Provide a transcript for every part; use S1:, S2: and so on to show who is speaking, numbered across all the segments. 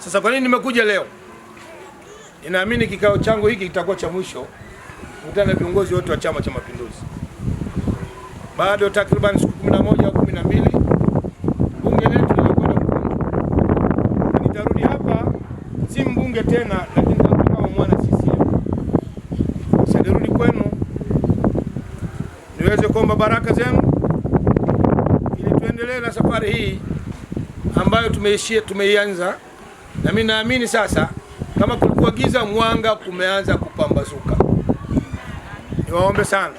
S1: Sasa kwa nini nimekuja leo? Ninaamini kikao changu hiki kitakuwa cha mwisho kukutana na viongozi wote wa Chama cha Mapinduzi. Bado takriban siku kumi na moja au kumi na mbili bunge letu linakwenda kuvunjwa. Nitarudi hapa si mbunge tena, lakini nitakuwa kama mwana CCM. Sanirudi kwenu niweze kuomba baraka zenu ili tuendelee na safari hii ambayo tumeishia tumeianza na mimi naamini sasa, kama kulikuwa giza, mwanga kumeanza kupambazuka. Niwaombe sana,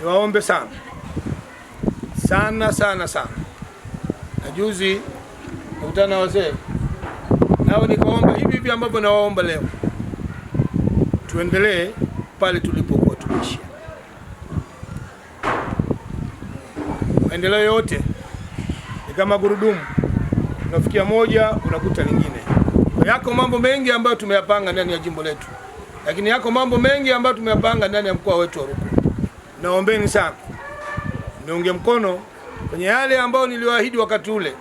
S1: niwaombe sana sana sana sana. Na juzi nakutana na wazee nao nikaomba hivi hivi ambavyo nawaomba leo, tuendelee pale tulipokuwa tumeishia. Maendeleo yote ni kama gurudumu unafikia moja unakuta lingine. Yako mambo mengi ambayo tumeyapanga ndani ya jimbo letu, lakini yako mambo mengi ambayo tumeyapanga ndani ya mkoa wetu wa Rukwa. Naombeni sana niunge mkono kwenye yale ambayo niliwaahidi wakati ule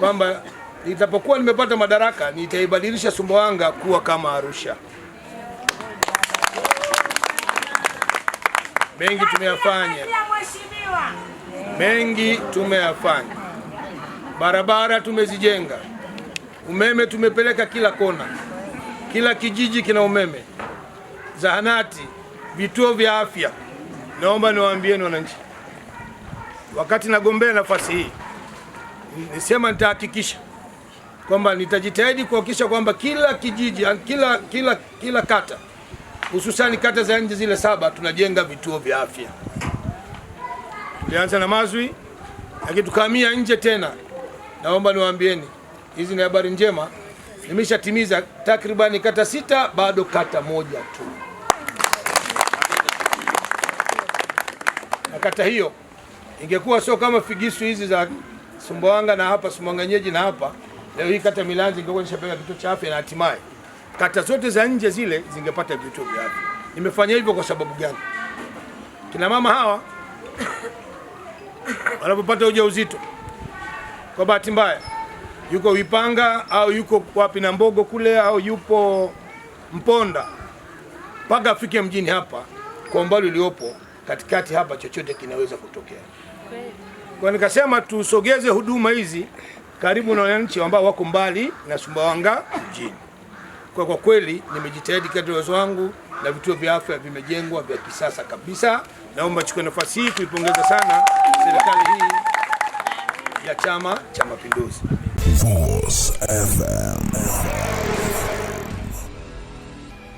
S1: kwamba nitapokuwa nimepata madaraka nitaibadilisha Sumbawanga kuwa kama Arusha.
S2: Mengi tumeyafanya,
S1: mengi tumeyafanya barabara tumezijenga, umeme tumepeleka kila kona, kila kijiji kina umeme, zahanati, vituo vya afya. Naomba niwaambieni wananchi, wakati nagombea nafasi hii nisema nitahakikisha kwamba nitajitahidi kuhakikisha kwamba kila kijiji, kila, kila, kila kata hususani kata za nje zile saba tunajenga vituo vya afya. Tulianza na Mazwi, lakini tukahamia nje tena naomba niwaambieni hizi ni habari njema. Nimeshatimiza takribani kata sita, bado kata moja tu, na kata hiyo ingekuwa sio kama figisu hizi za Sumbawanga na hapa Sumanganyeji na hapa leo hii kata Milanzi ingekuwa nishapewa kituo cha afya na hatimaye kata zote za nje zile zingepata vituo vya afya. Nimefanya hivyo kwa sababu gani? Kina mama hawa wanapopata ujauzito kwa bahati mbaya yuko Wipanga au yuko wapi na Mbogo kule au yupo Mponda, mpaka afike mjini hapa, kwa umbali uliopo katikati hapa, chochote kinaweza kutokea. Kwa nikasema tusogeze huduma hizi karibu na wananchi ambao wako mbali na Sumbawanga mjini. Kwa kwa kweli nimejitahidi kadri uwezo wangu, na vituo vya afya vimejengwa vya kisasa kabisa. Naomba chukue nafasi hii kuipongeza sana serikali hii ya Chama cha Mapinduzi.